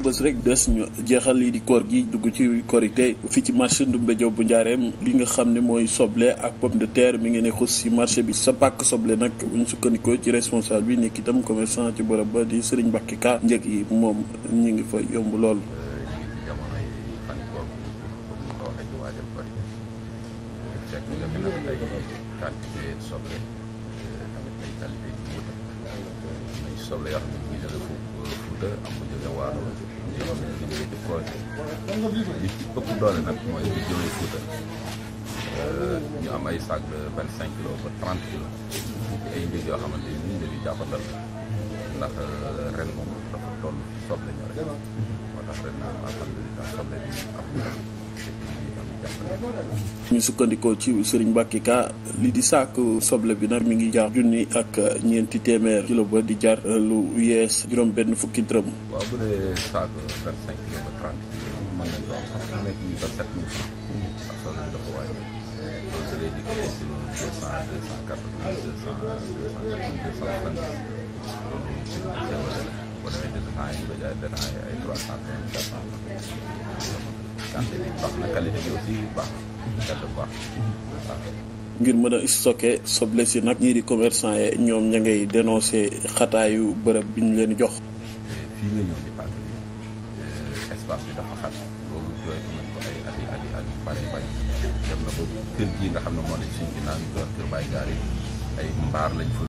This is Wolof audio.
bës rek des ñu jeexal lii di koor gi dugg ci korité fi ci marché Ndumbe Diop bu Njaareem li nga xam ne mooy soble ak pomme de terre mi ngi ne xus si marché bi sa pàkk soble nag bu ñu sukkandikoo ci responsable bi nekk itam commerçant ci bërëb ba di Serigne Mbacké Ka njëg yi moom ñu ngi fa yomb lool. di projet li ci ëpp doole nag mooy bi jógee Fuuta ñu am ay sac de vingt cinq kilos ba trente kilos ci ay njëg yoo xamante ni njëg yu jàppandal ndax euh, ren moom dafa toll ci soble ñoo rek moo tax ren naa soble bi am ñu sukkandikoo ci Serigne Mbacke Ka li di sàkk soble bi nag mi ngi jaar junni ak ñeenti téeméer kilo ba di jaar lu yees juróom benn fukki dërëm. quantité bi ngir mën a stocké soble si nag ñii di commerçant yi ñoom ña ngay dénoncé xataayu bërëb bi ñu leen jox fii eh, espace bi dafa xat loolu jooy nañ ko ne moo ne suñ ginnaaw ñu kër Baye Gaar yi ay mbaar lañ fa